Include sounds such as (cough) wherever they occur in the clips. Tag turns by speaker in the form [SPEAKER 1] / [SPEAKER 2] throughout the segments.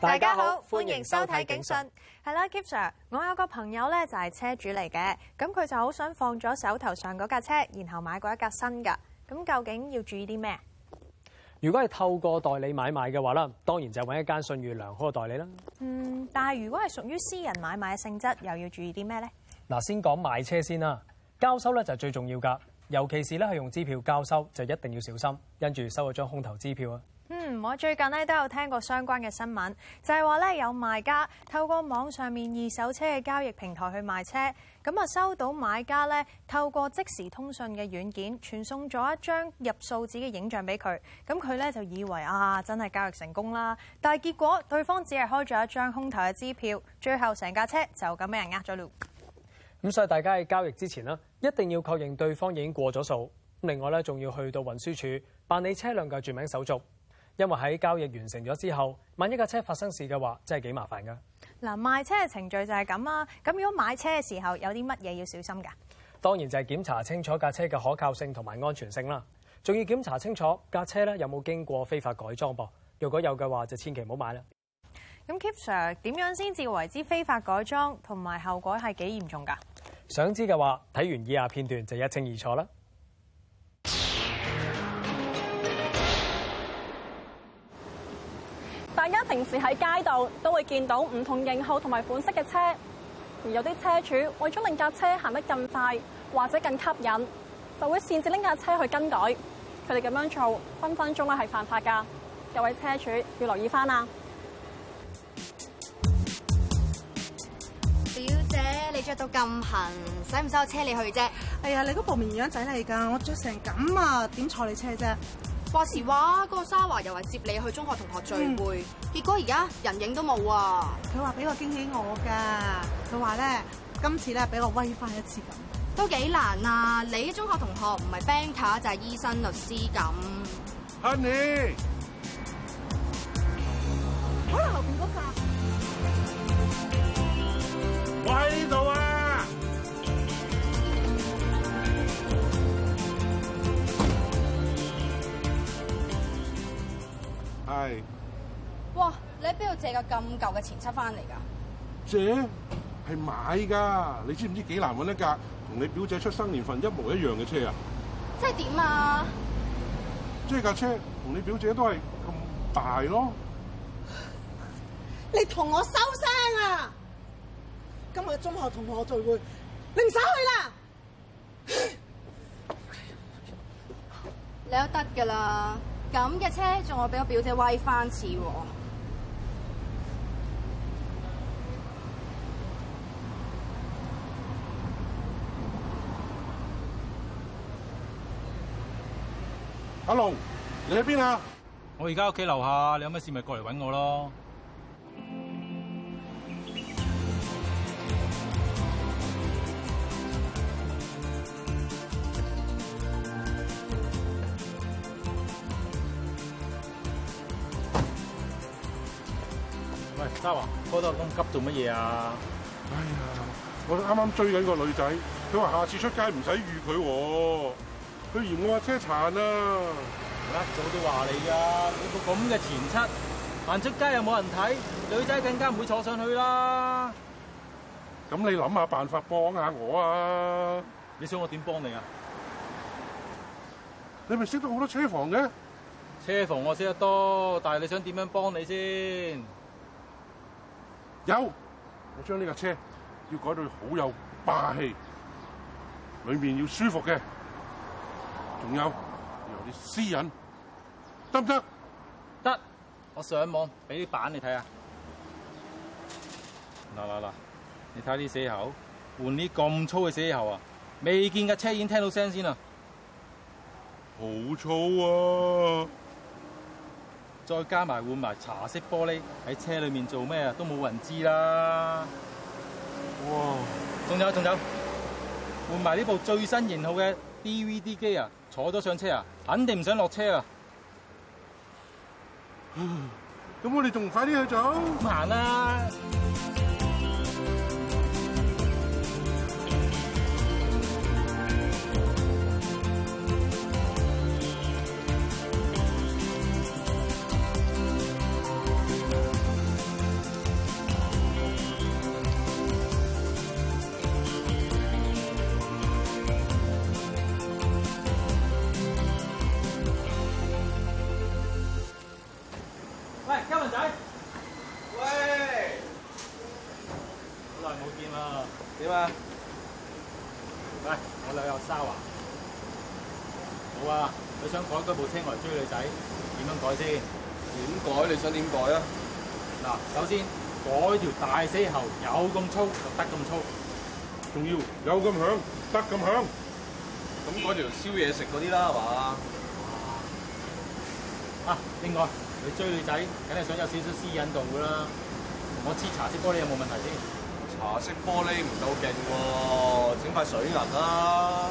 [SPEAKER 1] 大家好，
[SPEAKER 2] 歡迎收睇警訊。係啦，Kip Sir，我有個朋友咧就係車主嚟嘅，咁佢就好想放咗手頭上嗰架車，然後買過一架新噶，咁究竟要注意啲咩？
[SPEAKER 3] 如果係透過代理買賣嘅話啦，當然就揾一間信譽良好嘅代理啦。嗯，
[SPEAKER 2] 但係如果係屬於私人買賣嘅性質，又要注意啲咩呢？
[SPEAKER 3] 嗱，先講買車先啦，交收咧就最重要噶，尤其是咧係用支票交收，就一定要小心，跟住收咗張空頭支票啊。
[SPEAKER 2] 嗯，我最近咧都有聽過相關嘅新聞，就係話咧有賣家透過網上面二手車嘅交易平台去賣車，咁啊收到買家咧透過即時通訊嘅軟件傳送咗一張入數紙嘅影像俾佢，咁佢咧就以為啊真係交易成功啦，但係結果對方只係開咗一張空頭嘅支票，最後成架車就咁俾人呃咗了。
[SPEAKER 3] 咁、嗯、所以大家喺交易之前一定要確認對方已經過咗數。另外咧仲要去到運輸署辦理車輛嘅註名手續。因為喺交易完成咗之後，萬一架車發生事嘅話，真係幾麻煩噶。
[SPEAKER 2] 嗱，賣車嘅程序就係咁啊。咁如果買車嘅時候有啲乜嘢要小心嘅？
[SPEAKER 3] 當然就係檢查清楚架車嘅可靠性同埋安全性啦。仲要檢查清楚架車咧有冇經過非法改裝噃？如果有嘅話，就千祈唔好買啦。
[SPEAKER 2] 咁 Keep Sir 點樣先至為之非法改裝同埋後果係幾嚴重㗎？
[SPEAKER 3] 想知嘅話，睇完以下片段就一清二楚啦。
[SPEAKER 4] 大家平時喺街度都會見到唔同型號同埋款式嘅車，而有啲車主為咗令架車行得更快或者更吸引，就會擅自拎架車去更改。佢哋咁樣做分分鐘咧係犯法噶，各位車主要留意翻啦！
[SPEAKER 2] 表姐，你着到咁痕，使唔使我車你去啫？哎呀，你嗰部綿羊仔嚟噶，我着成咁啊，點坐你車啫？話時話，嗰個沙華又話接你去中學同學聚會，嗯、結果而家人影都冇啊！佢話俾個驚喜我㗎，佢話咧，今次咧俾我威翻一次咁，都幾難啊！你嘅中學同學唔係 banker 就係醫生、律師咁。
[SPEAKER 1] Honey.
[SPEAKER 2] 有咁舊嘅錢七翻嚟噶，
[SPEAKER 5] 姐，係買噶，你知唔知幾難揾一架同你表姐出生年份一模一樣嘅車是樣啊？即係點啊？即係架車同你表姐都係咁大
[SPEAKER 6] 咯。
[SPEAKER 4] 你同我收聲啊！今日中學同學聚會，你唔使去啦。
[SPEAKER 2] 你都得噶啦，咁嘅車仲可俾我表姐威翻次啊。
[SPEAKER 5] 阿龍，Hello，你喺邊啊？我而家屋企樓下，你有咩事咪過嚟搵我咯。喂，嘉華，嗰度咁急做乜嘢啊？哎呀，我啱啱追緊個女仔，佢話下次出街唔使預佢。佢嫌我話車殘啦，一早都話你㗎。你個咁嘅前七行出街又冇人睇，女仔更加唔會坐上去啦。咁你諗下辦法幫下我啊！你想我點幫你啊？你咪識得好多車房嘅，車房我識得多，但係你想點樣幫你先？有我將呢架車要改到好有霸氣，裏面要舒服嘅。仲有啲私隱得唔得？得，我上網俾啲板你睇下。嗱嗱嗱，你睇下啲死氣喉，換啲咁粗嘅死氣喉啊！未見嘅車已經聽到聲先啊！好粗啊！再加埋換埋茶色玻璃喺車裏面做咩啊？都冇人知啦。哇！仲有仲有，換埋呢部最新型號嘅 DVD 機啊！坐咗上車啊，肯定唔想落車那啊！咁我哋仲快啲去走，慢行啊！想點改啊？嗱，首先改條大死喉，有咁粗就得咁粗，仲要有咁響得咁響。咁改條燒嘢食嗰啲啦，係嘛？啊，另外你追女仔，梗係想有少少私隱度㗎啦。同我黐茶色玻璃有冇問題先？茶色玻璃唔夠勁喎，整塊水銀啦。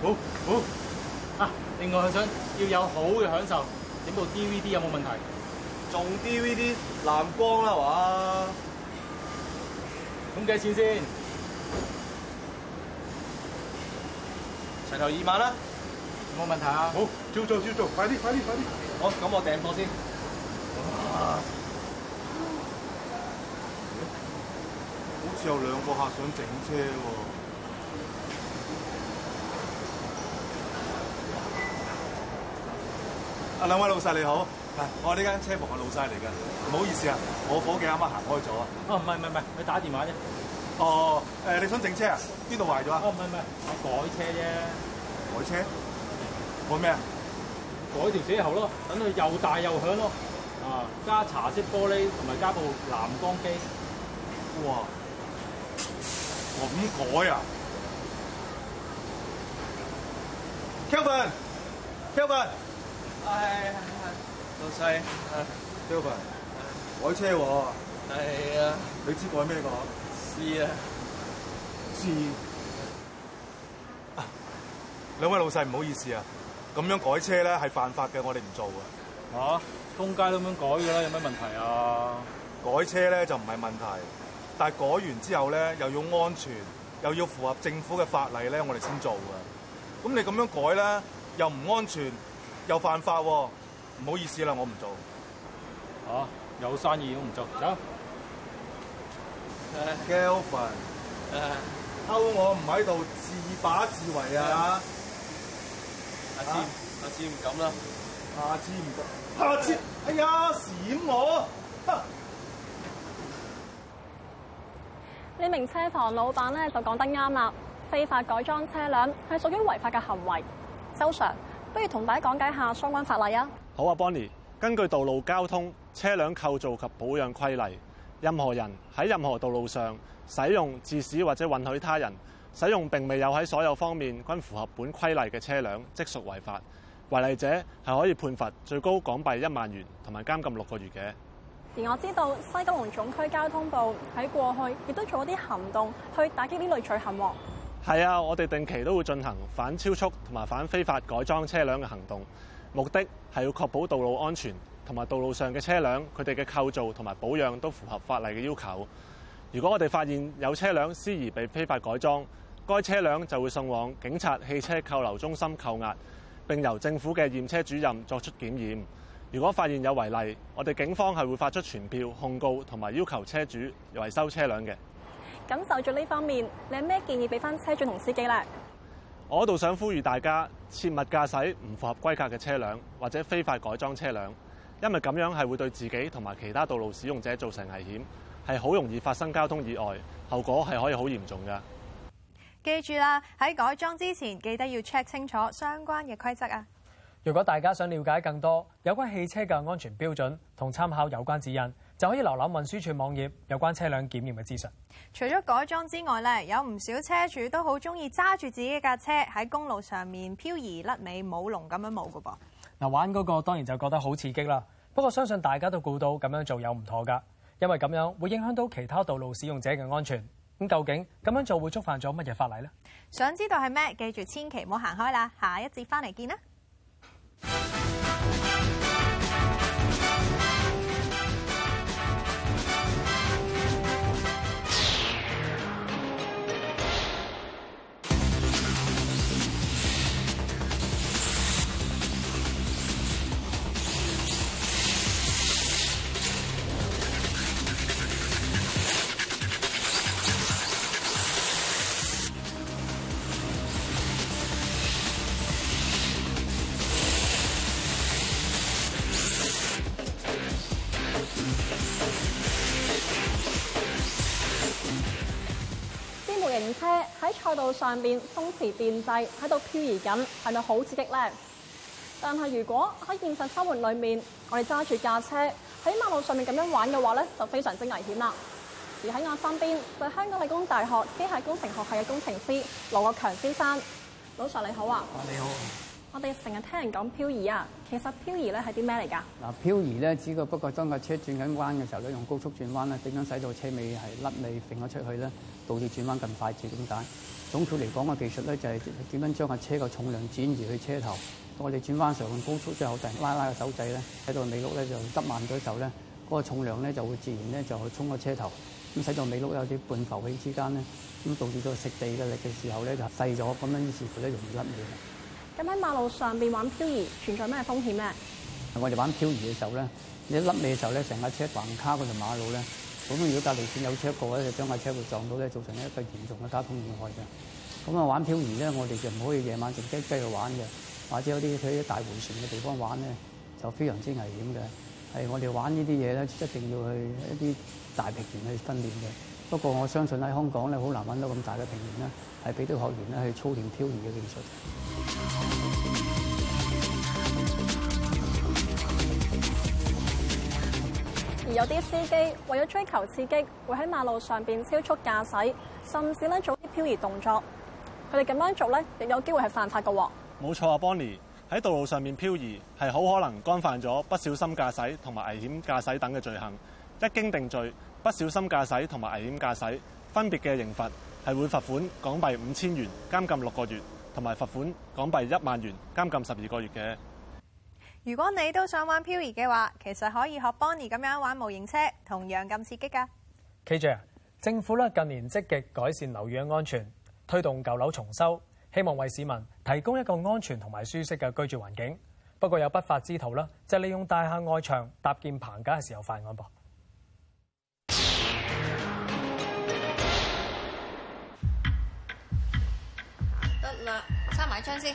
[SPEAKER 5] 好，好。啊，另外佢想要有好嘅享受。整部 DVD 有冇問題？仲 DVD 藍光啦，哇！咁幾錢先？齊頭二萬啦，冇問題啊！好，照做照做，快啲快啲快啲！好，咁我訂貨先。
[SPEAKER 7] 啊！好似有兩個客想整車喎。啊，兩位老細你好，啊、我係呢間車房嘅老細嚟嘅，唔好意思啊，我伙計啱啱行開咗啊。哦，唔係唔係唔係，你打電話啫。哦、啊，你想整車啊？邊度壞咗啊？哦、啊，唔係唔係，我改
[SPEAKER 5] 車啫。改車？改咩車啊？嗯、改，改條死喉咯，等佢又大又響咯。啊，加茶色玻璃同埋加部藍光機。哇，咁改啊
[SPEAKER 7] ？Kevin，Kevin。係、哎，老細，彪平、啊、改車喎。係啊。你知改咩個、啊？是啊，是、啊。兩位老細唔好意思啊，咁樣改車咧係犯法嘅，我哋唔做的啊。吓，通街咁樣改嘅啦，有咩問題啊？改車咧就唔係問題，但係改完之後咧又要安全，又要符合政府嘅法例咧，我哋先做噶。咁你咁樣改咧，又唔安全。有犯法喎。哦，唔好意思啦，我唔做，嚇、啊，有生意我唔做，走。 (laughs) Gelvin，溝 (laughs) 我唔喺度，自把自為啊！阿志、啊，阿志唔敢啦，阿志唔敢，阿志，哎呀，閃我！
[SPEAKER 4] 呢、啊、名車房老闆咧就講得啱啦，非法改裝車輛係屬於違法嘅行為，周 Sir，可以同大家講解下相關法例啊。
[SPEAKER 8] 好啊，Bonnie。根據道路交通，車輛構造及保養規例，任何人喺任何道路上使用致使或者允許他人使用並未有喺所有方面均符合本規例嘅車輛，即屬違法。違例者係可以判罰最高港幣一萬元同埋監禁六個月嘅。
[SPEAKER 4] 而我知道西九龍總區交通部喺過去亦都做咗啲行動去打擊呢類罪行喎。
[SPEAKER 8] 係啊，我哋定期都會進行反超速同埋反非法改裝車輛嘅行動，目的係要確保道路安全同埋道路上嘅車輛，佢哋嘅構造同埋保養都符合法例嘅要求。如果我哋發現有車輛私自被非法改裝，該車輛就會送往警察汽車扣留中心扣押，並由政府嘅驗車主任作出檢驗。如果發現有違例，我哋警方係會發出傳票控告同埋要求車主維修車輛嘅。
[SPEAKER 4] 感受咗呢方面，你有咩建議俾翻車主同司機咧？
[SPEAKER 8] 我度想呼籲大家，切勿駕駛唔符合規格嘅車輛或者非法改裝車輛，因為咁樣係會對自己同埋其他道路使用者造成危險，係好容易發生交通意外，後果係可以好嚴重噶。
[SPEAKER 2] 記住啦，喺改裝之前，記得要 check 清楚相關嘅規則啊！
[SPEAKER 8] 如果大家想了解更多有關
[SPEAKER 3] 汽車嘅安全標準同參考有關指引，就可以瀏覽運輸署網頁有關車輛檢驗嘅資訊。
[SPEAKER 2] 除咗改裝之外咧，有唔少車主都好中意揸住自己架車喺公路上面漂移甩尾舞龍咁樣舞噶噃。
[SPEAKER 3] 嗱，玩嗰個當然就覺得好刺激啦。不過相信大家都估到咁樣做有唔妥噶，因為咁樣會影響到其他道路使用者嘅安全。咁究竟咁樣做會觸犯咗乜嘢法例呢？
[SPEAKER 2] 想知道係咩？記住千祈唔好行開啦！下一節翻嚟見啦。
[SPEAKER 4] 上面風馳電掣喺度漂移緊，係咪好刺激咧？但係如果喺現實生活裏面，我哋揸住架車喺馬路上面咁樣玩嘅話咧，就非常之危險啦。而喺我身邊，就係香港理工大學機械工程學系嘅工程師羅國強先生，老 Sir 你好啊！你好。我哋成日聽人講漂移啊，其實漂移咧，係啲咩嚟
[SPEAKER 6] 噶？嗱，漂移咧只不過當架車轉緊彎嘅時候咧，用高速轉彎咧，點樣使到車尾係甩尾揈咗出去咧，導致轉彎咁快捷？點解？總括嚟講嘅技術咧，就係點樣將個車嘅重量轉移去車頭。我哋轉翻上去高速之後，突然拉拉個手掣咧，喺度尾轆咧就執慢咗手咧，嗰個重量咧就會自然咧就去衝個車頭。咁使到尾轆有啲半浮起之間咧，咁導致到食地嘅力嘅時候咧就細咗，咁樣於是乎咧容易甩尾。
[SPEAKER 4] 咁喺馬路上邊玩漂移存在咩風險
[SPEAKER 6] 咧？我哋玩漂移嘅時候咧，一甩尾嘅時候咧，成架車橫卡嗰條馬路咧。咁如果隔離線有車過咧，就將架車會撞到咧，造成一個嚴重嘅交通意外嘅。咁啊玩漂移咧，我哋就唔可以夜晚靜雞雞去玩嘅，或者有啲去啲大迴旋嘅地方玩咧，就非常之危險嘅。係我哋玩呢啲嘢咧，一定要去一啲大平原去訓練嘅。不過我相信喺香港咧，好難揾到咁大嘅平原咧，係俾啲學員咧去操練漂移
[SPEAKER 1] 嘅技術。
[SPEAKER 4] 有啲司機為咗追求刺激，會喺馬路上邊超速駕駛，甚至呢做啲漂移動作。佢哋咁樣做呢，亦有機會係犯法嘅喎。
[SPEAKER 8] 冇錯啊，Bonnie，喺道路上面漂移係好可能干犯咗不小心駕駛同埋危險駕駛等嘅罪行。一經定罪，不小心駕駛同埋危險駕駛分別嘅刑罰係會罰款港幣五千元、監禁六個月，同埋罰款港幣一萬元、監禁十二個月嘅。
[SPEAKER 2] 如果你都想玩漂移嘅話，其實可以學 Bonnie 咁樣玩模型車，同樣咁刺激噶。
[SPEAKER 8] K 姐啊，
[SPEAKER 3] 政府咧近年積極改善樓宇嘅安全，推動舊樓重修，希望為市民提供一個安全同埋舒適嘅居住環境。不過有不法之徒啦，就是、利用大廈外牆搭建棚架嘅時候犯案噃。
[SPEAKER 2] 得啦，
[SPEAKER 4] 閂埋窗先。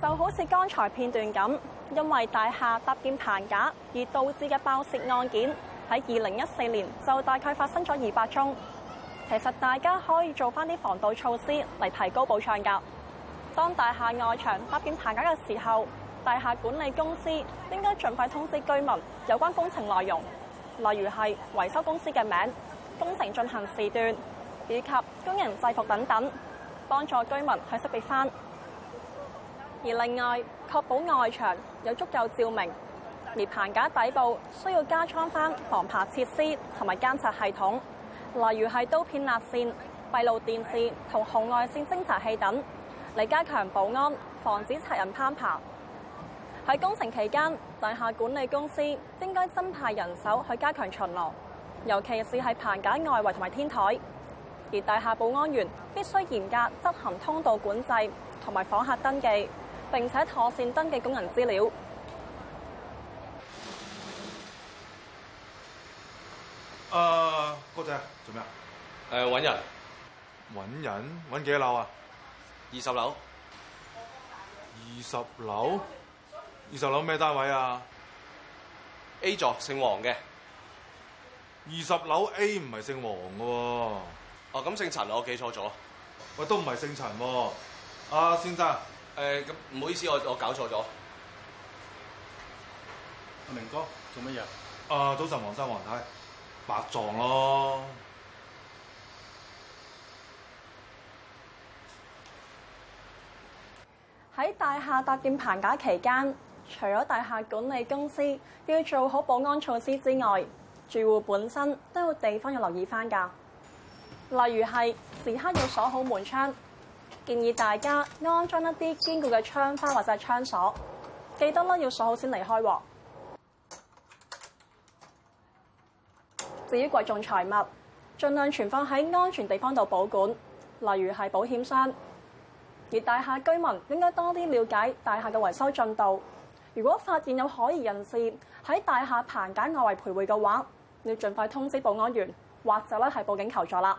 [SPEAKER 4] 就好似剛才片段咁，因為大廈搭建棚架而導致嘅爆竊案件，喺二零一四年就大概發生咗二百宗。其實大家可以做翻啲防盜措施嚟提高保障㗎。當大廈外牆發現棚架嘅時候，大廈管理公司應該盡快通知居民有關工程內容，例如係維修公司嘅名、工程進行時段以及工人制服等等，幫助居民去識別翻。而另外，確保外牆有足夠照明，而棚架底部需要加裝翻防爬設施同埋監察系統。例如係刀片、拉線、閉路電視同紅外線偵查器等，嚟加強保安，防止賊人攀爬。喺工程期間，大廈管理公司應該增派人手去加強巡邏，尤其是係棚架外圍同埋天台。而大廈保安員必須嚴格執行通道管制同埋訪客登記，並且妥善登記工人資料。
[SPEAKER 7] 啊，哥仔做咩啊？誒，搵人，搵人搵幾多樓啊？二十樓。二十樓？二十樓咩單位啊？A 座，姓黃嘅。二十樓 A 唔係姓黃嘅喎。哦、啊，咁姓陳，我記錯咗。喂，都唔係姓陳喎、啊。啊，先生，誒、呃，咁唔好意思，我我搞錯咗。
[SPEAKER 5] 阿
[SPEAKER 7] 明哥做乜嘢？啊，早晨，黃生黃太。白撞咯！
[SPEAKER 4] 喺大廈搭建棚架期間，除咗大廈管理公司要做好保安措施之外，住戶本身都有地方要留意翻㗎。例如係時刻要鎖好門窗，建議大家安裝一啲堅固嘅窗花或者係窗鎖。記得啦，要鎖好先離開。至於貴重財物，盡量存放喺安全地方度保管，例如係保險箱。而大廈居民應該多啲了解大廈嘅維修進度。如果發現有可疑人士喺大廈棚架外圍徘徊嘅話，要盡快通知保安員，或者咧係報警求助啦。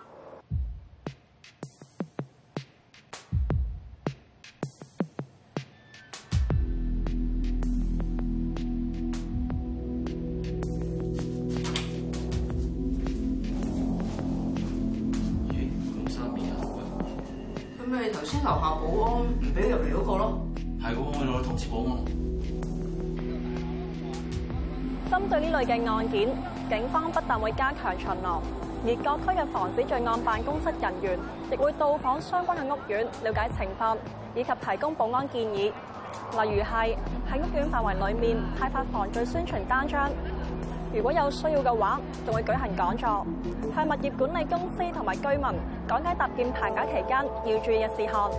[SPEAKER 4] 呢類嘅案件，警方不但會加強巡邏，而各區嘅防止罪案辦公室人員亦會到訪相關嘅屋苑，了解情況，以及提供保安建議。例如係喺屋苑範圍裏面派發防罪宣傳單張，如果有需要嘅話，仲會舉行講座，向物業管理公司同埋居民講解搭建棚架期間要注意嘅事項。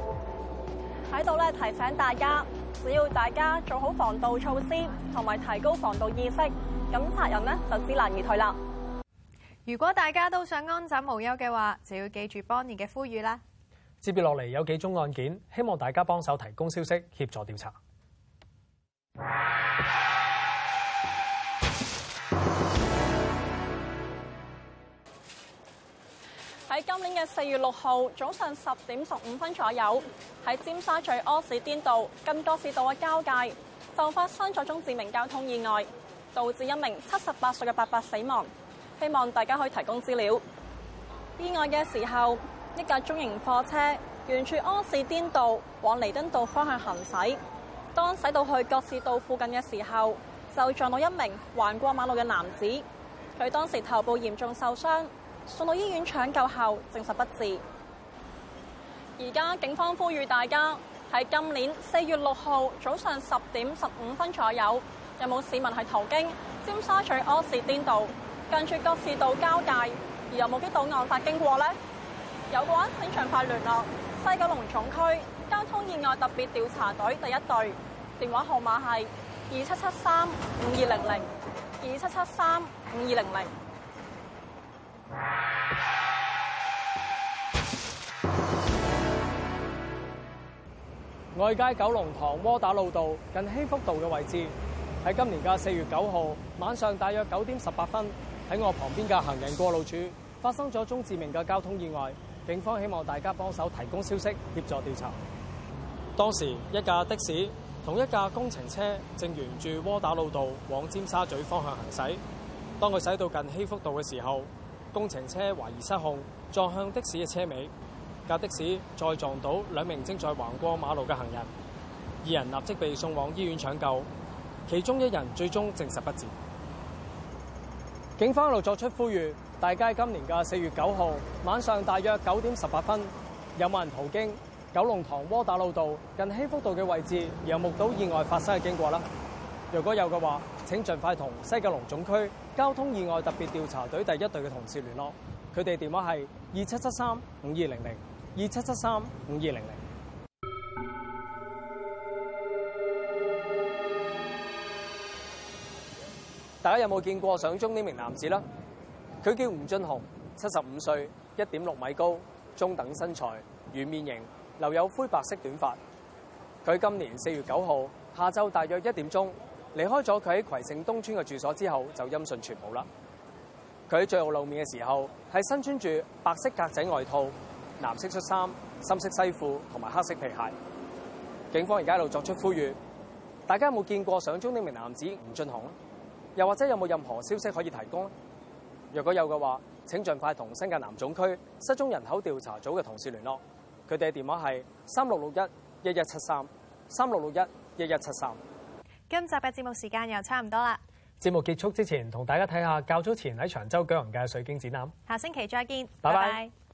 [SPEAKER 4] 喺度咧提醒大家，只要大家做好防盜措施，同埋提高防盜意識。
[SPEAKER 2] 咁殺人呢就知難而退啦。如果大家都想安枕無憂嘅話，就要記住邦尼嘅呼籲啦。
[SPEAKER 3] 接住落嚟有幾宗案件，希望大家幫手提供消息，協助調查。
[SPEAKER 4] 喺今年嘅四月六號早上十點十五分左右，喺尖沙咀柯士甸道跟多士道嘅交界，就發生咗宗致命交通意外。導致一名七十八歲嘅伯伯死亡，希望大家可以提供資料。意外嘅時候，一架中型貨車沿住柯士甸道往彌敦道方向行駛。當駛到去覺士道附近嘅時候，就撞到一名橫過馬路嘅男子。佢當時頭部嚴重受傷，送到醫院搶救後，證實不治。而家警方呼籲大家，喺今年四月六號早上十點十五分左右，有冇市民係途經尖沙咀柯士甸道近住覺士道交界，而有冇目擊到案發經過呢？有嘅話，請盡快聯絡西九龍總區交通意外特別調查隊第一隊，電話號碼係二七七三五二零零二七七三五二零零。
[SPEAKER 3] 200, 外街九龍塘窩打老道近禧福道嘅位置。喺今年嘅四月九號晚上，大約九點十八分，喺我旁邊嘅行人過路處發生咗宗致命嘅交通意外。警方希望大家幫手提供消息，協助調查。當時一架的士同一架工程車正沿住窩打老道往尖沙咀方向行駛。當佢駛到近禧福道嘅時候，工程車懷疑失控撞向的士嘅車尾，架的士再撞到兩名正在橫過馬路嘅行人，二人立即被送往醫院搶救。其中一人最終證實不治。警方又作出呼籲，大家今年嘅四月九號晚上大約九點十八分，有冇人途經九龍塘窩打老道近禧福道嘅位置，而有目睹意外發生嘅經過啦？如果有嘅話，請盡快同西九龍總區交通意外特別調查隊第一隊嘅同事聯絡，佢哋電話係二七七三五二零零二七七三五二零零。大家有冇見過相中呢名男子啦？佢叫吳俊雄，七十五歲，一點六米高，中等身材，圓面型，留有灰白色短髮。佢今年四月九號下晝大約一點鐘離開咗佢喺葵盛東村嘅住所之後，就音訊全無啦。佢喺最後露面嘅時候係身穿住白色格仔外套、藍色恤衫、深色西褲同埋黑色皮鞋。警方而家喺度作出呼籲，大家有冇見過相中呢名男子吳俊雄又或者有冇任何消息可以提供呢？如若果有嘅話，請盡快同新界南總區失蹤人口調查組嘅同事聯絡。佢哋嘅電話係三六六一一一七三三六六一一一七三。
[SPEAKER 2] 73，今集嘅節目時間又差唔多啦。
[SPEAKER 3] 節目結束之前，同大家睇下較早前喺長洲舉行嘅水晶展覽。
[SPEAKER 2] 下星期再見。拜拜 bye。Bye bye